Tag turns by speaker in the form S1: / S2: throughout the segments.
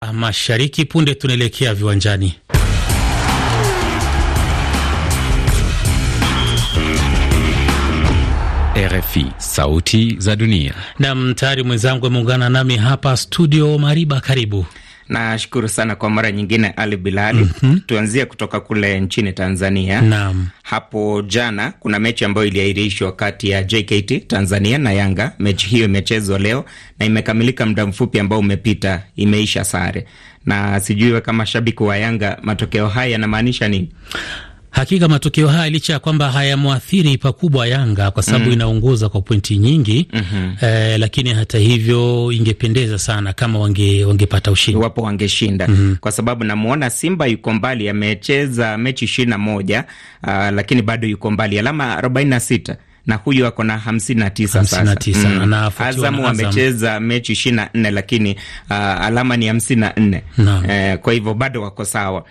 S1: Ah, mashariki punde tunaelekea viwanjani.
S2: RFI, sauti
S3: za dunia.
S1: Nam tayari mwenzangu ameungana nami hapa studio Mariba, karibu.
S3: Nashukuru sana kwa mara nyingine Ali Bilali. mm -hmm. Tuanzie kutoka kule nchini Tanzania. Naam. Hapo jana kuna mechi ambayo iliahirishwa kati ya JKT Tanzania na Yanga. Mechi hiyo imechezwa leo na imekamilika muda mfupi ambao umepita, imeisha sare, na sijui kama
S1: shabiki wa Yanga matokeo haya yanamaanisha nini? Hakika matokeo haya licha ya kwamba hayamwathiri pakubwa Yanga kwa sababu mm. inaongoza kwa pointi nyingi mm -hmm. eh, lakini hata hivyo ingependeza sana kama wange, wangepata ushindi wapo
S3: wangeshinda mm -hmm. kwa sababu namwona Simba yuko mbali, amecheza mechi ishirini na moja uh, lakini bado yuko mbali, alama arobaini na sita na huyu ako na 59 sasa. Mm. Azamu wamecheza mechi 24 lakini uh, alama ni 54. Eh, kwa hivyo bado wako sawa.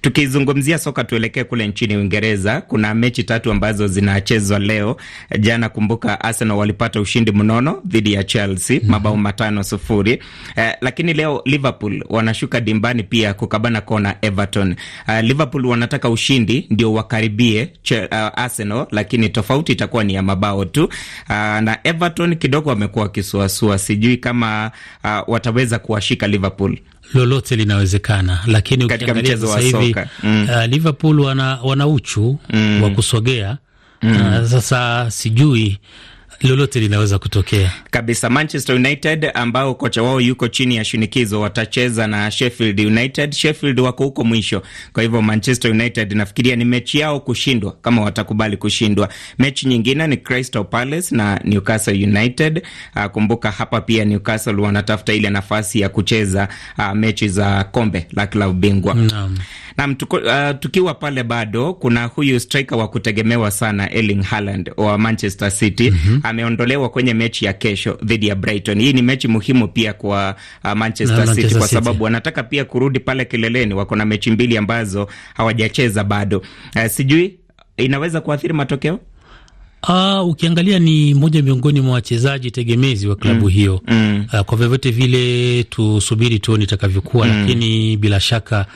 S3: Tukizungumzia soka tuelekee kule nchini Uingereza, kuna mechi tatu ambazo zinachezwa leo. Jana kumbuka, Arsenal walipata ushindi mnono dhidi ya Chelsea mm -hmm. mabao matano sufuri. Eh, lakini leo Liverpool wanashuka dimbani pia kukabana kona Everton. Uh, Liverpool wanataka ushindi ndio wakaribie uh, Arsenal, lakini tofauti itakuwa ni ya ya mabao tu. Uh, na Everton kidogo wamekuwa wakisuasua, sijui kama uh, wataweza kuwashika Liverpool.
S1: Lolote linawezekana, lakini ukiangalia sasa wa mm. uh, Liverpool wana, wana uchu mm. wa kusogea mm. uh, sasa sijui lolote linaweza kutokea
S3: kabisa. Manchester United ambao kocha wao yuko chini ya shinikizo watacheza na Sheffield United. Sheffield wako huko mwisho, kwa hivyo Manchester United nafikiria ni mechi yao kushindwa, kama watakubali kushindwa. Mechi nyingine ni Crystal Palace na Newcastle United. Uh, kumbuka hapa pia Newcastle wanatafuta ile nafasi ya kucheza uh, mechi za kombe la klabu bingwa. Na mtuko, uh, tukiwa pale bado kuna huyu striker wa kutegemewa sana Erling Haaland wa Manchester City mm -hmm. ameondolewa kwenye mechi ya kesho dhidi ya Brighton. Hii ni mechi muhimu pia kwa uh, Manchester na City Manchester kwa sababu wanataka pia kurudi pale kileleni, wako na mechi mbili ambazo hawajacheza bado. Uh, sijui inaweza kuathiri matokeo.
S1: Uh, ukiangalia ni mmoja miongoni mwa wachezaji tegemezi wa klabu mm. hiyo mm. Uh, kwa vyovyote vile tusubiri tuone itakavyokuwa mm. lakini bila shaka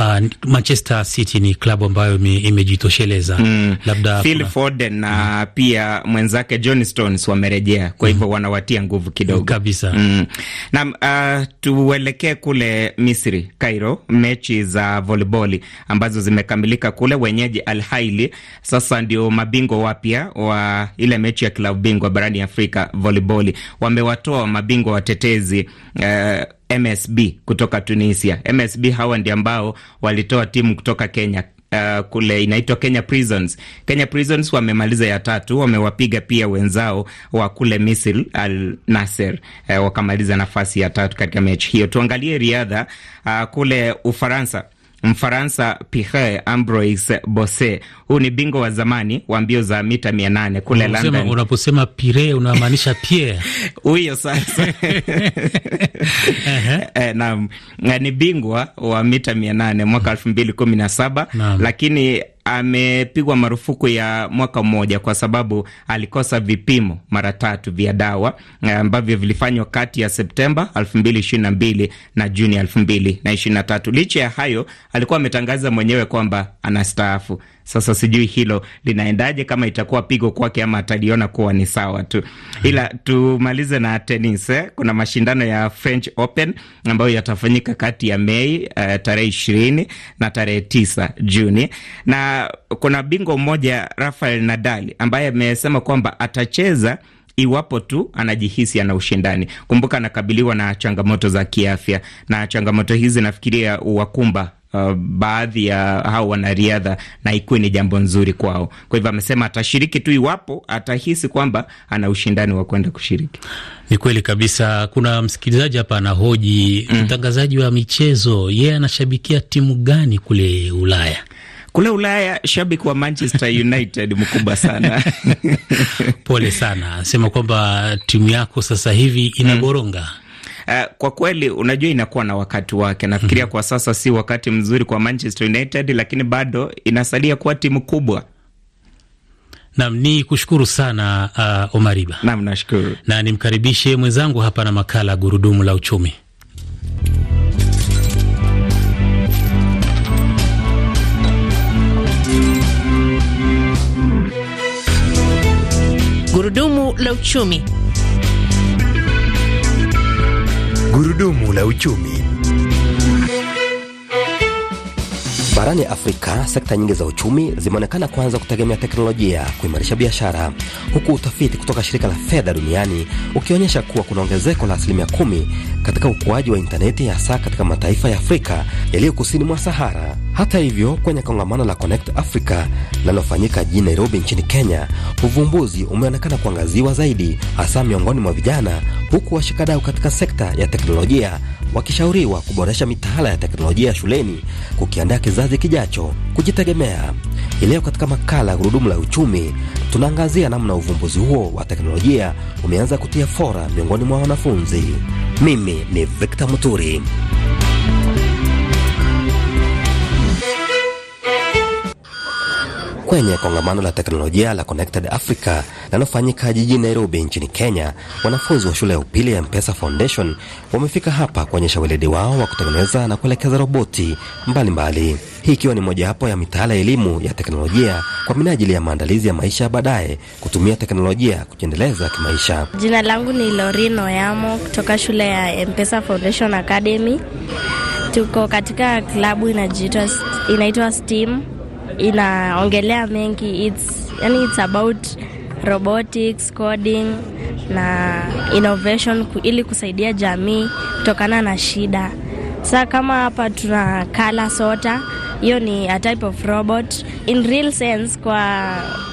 S1: uh, Manchester City ni klabu ambayo imejitosheleza mm. labda Phil
S3: Foden na mm. pia mwenzake John Stones wamerejea, kwa hivyo mm. wanawatia nguvu kidogo kabisa mm. na uh, tuelekee kule Misri, Cairo, mechi za volleyball ambazo zimekamilika kule. Wenyeji Al Ahly sasa ndio mabingwa wapya wa ile mechi ya klabu bingwa barani Afrika volleyball, wamewatoa mabingwa watetezi uh, MSB kutoka Tunisia. MSB hawa ndio ambao walitoa timu kutoka Kenya. Uh, kule inaitwa Kenya Prisons. Kenya Prisons wamemaliza ya tatu, wamewapiga pia wenzao wa kule Misri Al Nasser, uh, wakamaliza nafasi ya tatu katika mechi hiyo. Tuangalie riadha uh, kule Ufaransa Mfaransa Pierre Ambroise Bosse, huu ni bingwa wa zamani wa mbio za mita mia nane kule London.
S1: Unaposema Pierre unamaanisha Pierre huyo sasa.
S3: Eh, naam, eh, ni bingwa wa mita mia nane mwaka elfu mbili kumi na saba lakini amepigwa marufuku ya mwaka mmoja kwa sababu alikosa vipimo mara tatu vya dawa eh, ambavyo vilifanywa kati ya Septemba 2022 na Juni 2023. Licha ya hayo, alikuwa ametangaza mwenyewe kwamba anastaafu. Sasa sijui hilo linaendaje, kama itakuwa pigo kwake ama ataliona kuwa ni sawa tu, ila tumalize na tenis eh. Kuna mashindano ya French Open ambayo yatafanyika kati ya Mei uh, tarehe ishirini na tarehe tisa Juni, na kuna bingwa mmoja Rafael Nadal ambaye amesema kwamba atacheza iwapo tu anajihisi ana ushindani. Kumbuka anakabiliwa na changamoto za kiafya, na changamoto hizi nafikiria uwakumba uh, baadhi ya hao wanariadha na ikuwe ni jambo nzuri kwao. Kwa hivyo amesema atashiriki tu iwapo atahisi kwamba ana ushindani wa kwenda
S1: kushiriki. Ni kweli kabisa. Kuna msikilizaji hapa anahoji mm. mtangazaji mm, wa michezo yeye, yeah, anashabikia timu gani kule Ulaya? Kule Ulaya shabiki
S3: wa Manchester United mkubwa sana pole sana, sema kwamba
S1: timu yako sasa hivi inagoronga mm.
S3: Uh, kwa kweli unajua inakuwa na wakati wake. Nafikiria mhm. kwa sasa si wakati mzuri kwa Manchester United, lakini bado inasalia kuwa timu
S1: kubwa. Nam ni kushukuru sana uh, Omariba. Nam nashukuru na nimkaribishe mwenzangu hapa na makala ya gurudumu la uchumi.
S4: Gurudumu la uchumi
S5: Gurudumu la uchumi. Barani Afrika, sekta nyingi za uchumi zimeonekana kuanza kutegemea teknolojia kuimarisha biashara, huku utafiti kutoka shirika la fedha duniani ukionyesha kuwa kuna ongezeko la asilimia kumi katika ukuaji wa intaneti, hasa katika mataifa ya Afrika yaliyo kusini mwa Sahara. Hata hivyo, kwenye kongamano la Connect Africa linalofanyika jijini Nairobi nchini Kenya, uvumbuzi umeonekana kuangaziwa zaidi, hasa miongoni mwa vijana, huku washikadau katika sekta ya teknolojia wakishauriwa kuboresha mitaala ya teknolojia shuleni, kukiandaa kizazi kijacho kujitegemea. Leo katika makala ya gurudumu la uchumi tunaangazia namna uvumbuzi huo wa teknolojia umeanza kutia fora miongoni mwa wanafunzi. Mimi ni Victor Muturi. kwenye kongamano la teknolojia la Connected Africa linalofanyika jijini Nairobi nchini Kenya, wanafunzi wa shule ya upili ya Mpesa Foundation wamefika hapa kuonyesha weledi wao wa kutengeneza na kuelekeza roboti mbalimbali, hii ikiwa ni mojawapo ya mitaala ya elimu ya teknolojia kwa minajili ya maandalizi ya maisha baadaye, kutumia teknolojia kujiendeleza kimaisha.
S6: Jina langu ni Lorino Yamo kutoka shule ya Mpesa Foundation Academy. Tuko katika klabu inaitwa STEAM inaongelea mengi it's, yani it's about robotics, coding na innovation ili kusaidia jamii kutokana na shida. sa kama hapa tuna kala sota, hiyo ni a type of robot. In real sense, kwa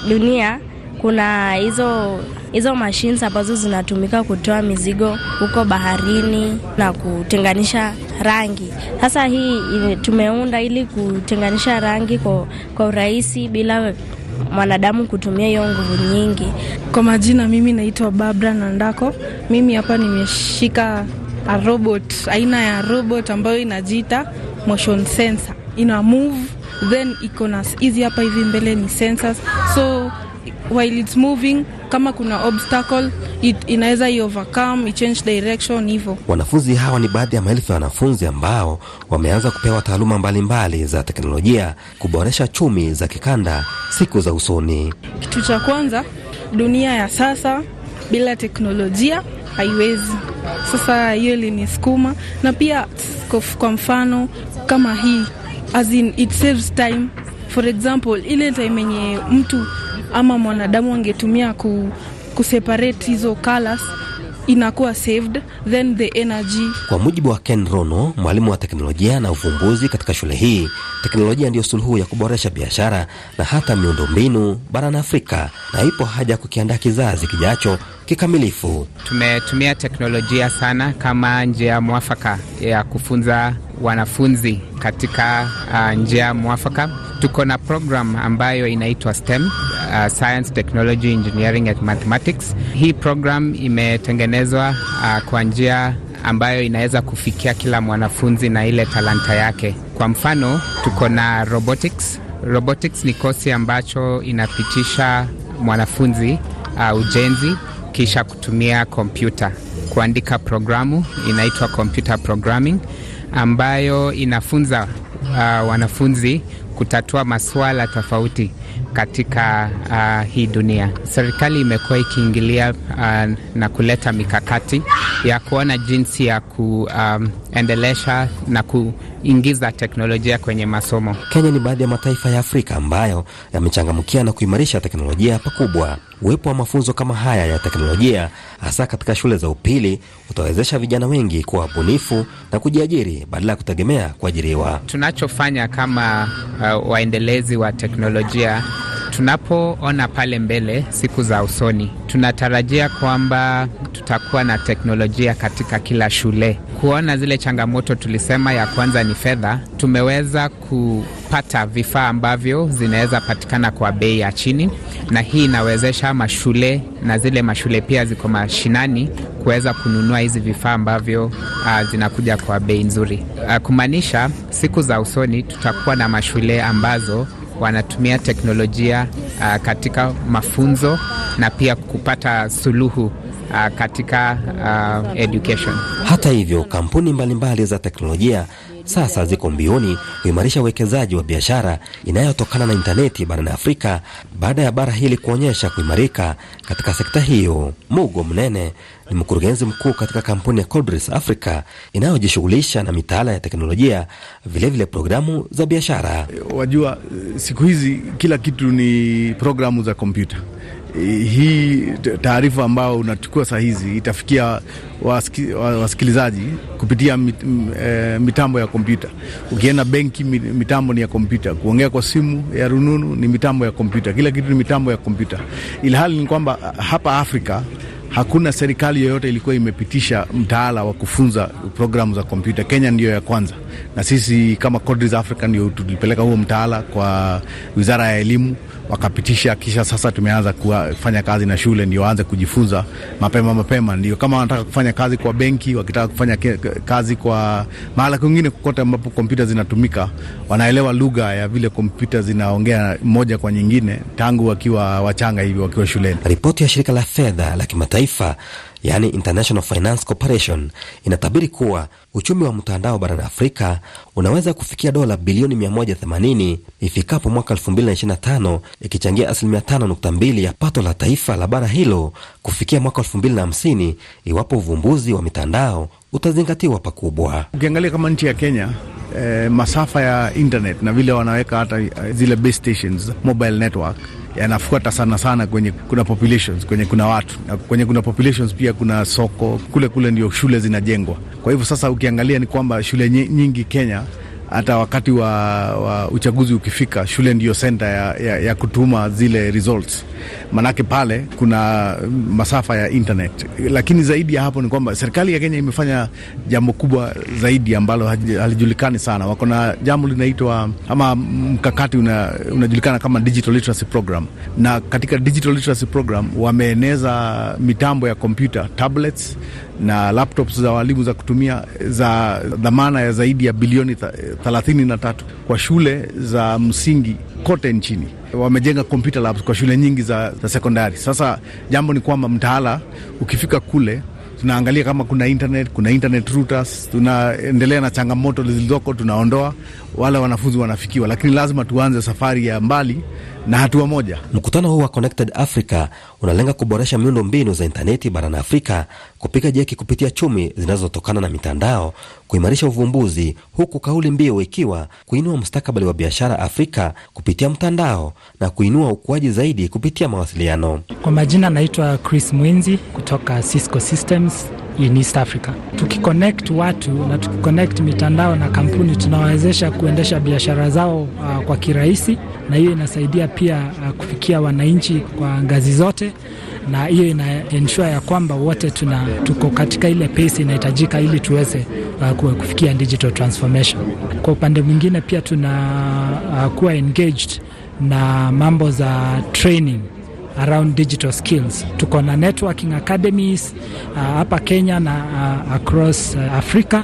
S6: dunia kuna hizo hizo mashines ambazo zinatumika kutoa mizigo huko baharini na kutenganisha rangi. Sasa hii eh, tumeunda ili kutenganisha rangi kwa, kwa urahisi bila mwanadamu kutumia hiyo nguvu nyingi. Kwa majina, mimi naitwa Barbara
S4: Nandako. Mimi hapa nimeshika a robot aina ya robot ambayo inajiita motion sensor, ina move then iko na hizi hapa hivi mbele ni sensors so while it's moving, kama kuna obstacle it, inaweza i overcome i change direction hivyo.
S5: Wanafunzi hawa ni baadhi ya maelfu ya wanafunzi ambao wameanza kupewa taaluma mbalimbali za teknolojia kuboresha chumi za kikanda
S4: siku za usoni. Kitu cha kwanza, dunia ya sasa bila teknolojia haiwezi. Sasa hiyo ilinisukuma, na pia kwa mfano kama hii, as in it saves time. For example, ile time yenye mtu ama mwanadamu angetumia ku, kuseparate hizo colors inakuwa saved then the energy.
S5: Kwa mujibu wa Ken Rono, mwalimu wa teknolojia na uvumbuzi katika shule hii, teknolojia ndiyo suluhu ya kuboresha biashara na hata miundombinu barani Afrika, na ipo haja kukiandaa kizazi kijacho kikamilifu.
S2: Tumetumia teknolojia sana kama njia mwafaka ya kufunza wanafunzi katika uh, njia mwafaka. Tuko na program ambayo inaitwa STEM uh, science, technology, engineering and mathematics. Hii program imetengenezwa uh, kwa njia ambayo inaweza kufikia kila mwanafunzi na ile talanta yake. Kwa mfano, tuko na robotics. Robotics ni kosi ambacho inapitisha mwanafunzi uh, ujenzi kisha kutumia kompyuta kuandika programu inaitwa computer programming ambayo inafunza uh, wanafunzi kutatua masuala tofauti katika uh, hii dunia. Serikali imekuwa ikiingilia uh, na kuleta mikakati ya kuona jinsi ya ku um, kuendelesha na
S5: kuingiza teknolojia kwenye masomo. Kenya ni baadhi ya mataifa ya Afrika ambayo yamechangamkia na kuimarisha teknolojia pakubwa. Uwepo wa mafunzo kama haya ya teknolojia hasa katika shule za upili utawezesha vijana wengi kuwa wabunifu na kujiajiri badala ya kutegemea kuajiriwa.
S2: Tunachofanya kama uh, waendelezi wa teknolojia Tunapoona pale mbele siku za usoni, tunatarajia kwamba tutakuwa na teknolojia katika kila shule. Kuona zile changamoto tulisema, ya kwanza ni fedha. Tumeweza kupata vifaa ambavyo zinaweza patikana kwa bei ya chini, na hii inawezesha mashule na zile mashule pia ziko mashinani kuweza kununua hizi vifaa ambavyo uh, zinakuja kwa bei nzuri, uh, kumaanisha siku za usoni tutakuwa na mashule ambazo wanatumia teknolojia uh, katika mafunzo na pia kupata suluhu uh,
S5: katika uh, education. Hata hivyo, kampuni mbalimbali mbali za teknolojia sasa ziko mbioni kuimarisha uwekezaji wa biashara inayotokana na intaneti barani Afrika baada ya bara hili kuonyesha kuimarika katika sekta hiyo. Mugo Mnene, ni mkurugenzi mkuu katika kampuni ya Codris Africa inayojishughulisha na mitaala ya teknolojia, vilevile vile programu za biashara. Wajua, siku hizi kila kitu
S7: ni programu za kompyuta. Hii taarifa ambayo unachukua saa hizi itafikia wasikilizaji kupitia mit, e, mitambo ya kompyuta. Ukienda benki, mitambo ni ya kompyuta. Kuongea kwa simu ya rununu ni mitambo ya kompyuta. Kila kitu ni mitambo ya kompyuta, ilhali ni kwamba hapa Afrika hakuna serikali yoyote ilikuwa imepitisha mtaala wa kufunza programu za kompyuta. Kenya ndiyo ya kwanza na sisi kama Codris Africa ndio tulipeleka huo mtaala kwa wizara ya elimu wakapitisha, kisha sasa tumeanza kufanya kazi na shule ndio waanze kujifunza mapema mapema, ndio kama wanataka kufanya kazi kwa benki, wakitaka kufanya kazi kwa mahala kwingine kokote ambapo kompyuta zinatumika, wanaelewa lugha ya vile kompyuta zinaongea moja kwa nyingine
S5: tangu wakiwa wachanga hivi wakiwa shuleni. Ripoti ya shirika la fedha la kimataifa yani International Finance Corporation inatabiri kuwa uchumi wa mtandao barani Afrika unaweza kufikia dola bilioni 180 ifikapo mwaka 2025 ikichangia asilimia 5.2 ya pato la taifa la bara hilo kufikia mwaka 2050 iwapo uvumbuzi wa mitandao utazingatiwa pakubwa. Ukiangalia kama nchi ya Kenya
S7: eh, masafa ya internet na vile wanaweka hata eh, zile base stations, mobile network yanafuata sana sana kwenye kuna populations, kwenye kuna watu kwenye kuna populations, pia kuna soko kule kule ndio shule zinajengwa. Kwa hivyo sasa ukiangalia ni kwamba shule nyingi Kenya hata wakati wa, wa uchaguzi ukifika, shule ndiyo senta ya, ya, ya kutuma zile results manake pale kuna masafa ya internet. Lakini zaidi ya hapo ni kwamba serikali ya Kenya imefanya jambo kubwa zaidi ambalo halijulikani sana. Wako na jambo linaitwa ama mkakati una, unajulikana kama digital literacy program, na katika digital literacy program wameeneza mitambo ya kompyuta tablets na laptops za walimu za kutumia za dhamana ya zaidi ya bilioni thelathini na tatu kwa shule za msingi kote nchini. Wamejenga computer labs kwa shule nyingi za, za sekondari. Sasa jambo ni kwamba mtaala ukifika kule tunaangalia kama kuna internet, kuna internet routers, tunaendelea na changamoto zilizoko, tunaondoa wale wanafunzi wanafikiwa, lakini lazima tuanze safari ya mbali na hatua
S5: moja. Mkutano huu wa Connected Africa unalenga kuboresha miundo mbinu za intaneti barani Afrika, kupiga jeki kupitia chumi zinazotokana na mitandao, kuimarisha uvumbuzi, huku kauli mbiu ikiwa kuinua mustakabali wa biashara Afrika kupitia mtandao na kuinua ukuaji zaidi kupitia mawasiliano.
S1: Kwa majina, anaitwa Chris Mwinzi kutoka Cisco Systems in East Africa. Tukiconnect watu na tukiconnect mitandao na kampuni, tunawawezesha kuendesha biashara zao uh, kwa kirahisi, na hiyo inasaidia pia uh, kufikia wananchi kwa ngazi zote, na hiyo ina ensure ya kwamba wote tuna tuko katika ile pace inahitajika ili tuweze uh, kufikia digital transformation. Kwa upande mwingine pia tuna uh, kuwa engaged na mambo za training around digital skills. Tuko na networking academies uh, hapa uh, Kenya na uh, across uh, Africa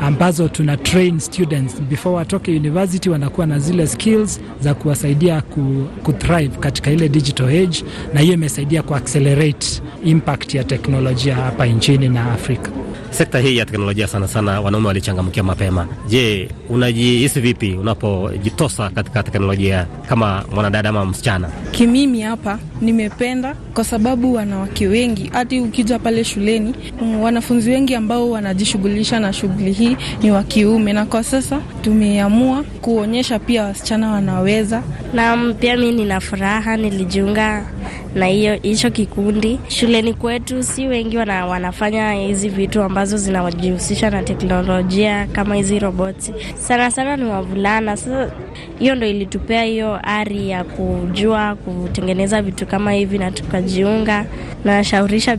S1: ambazo tuna train students before watoke university, wanakuwa na zile skills za kuwasaidia ku, thrive katika ile digital age, na hiyo imesaidia kuaccelerate impact ya teknolojia hapa nchini na Afrika
S5: sekta hii ya teknolojia sana sana wanaume walichangamkia mapema. Je, unajihisi vipi unapojitosa katika teknolojia kama mwanadada ama msichana?
S4: Kimimi hapa nimependa kwa sababu wanawake wengi, hadi ukija pale shuleni, mm, wanafunzi wengi ambao wanajishughulisha na shughuli hii ni wa kiume, na kwa sasa
S6: tumeamua kuonyesha pia wasichana wanaweza. Naam, pia mi nina furaha nilijiunga na hiyo hicho kikundi shuleni kwetu. Si wengi wana, wanafanya hizi vitu ambazo zinajihusisha na teknolojia kama hizi roboti, sana sana ni wavulana. Sasa hiyo ndo ilitupea hiyo ari ya kujua kutengeneza vitu kama hivi na tukajiunga, na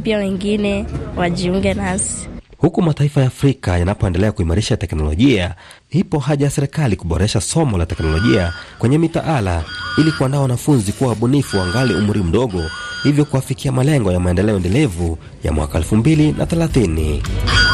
S6: pia wengine wajiunge nasi.
S5: Huku mataifa ya Afrika yanapoendelea kuimarisha teknolojia, ipo haja ya serikali kuboresha somo la teknolojia kwenye mitaala ili kuandaa wanafunzi kuwa wabunifu wangali umri mdogo, hivyo kuwafikia malengo ya maendeleo endelevu ya mwaka 2030.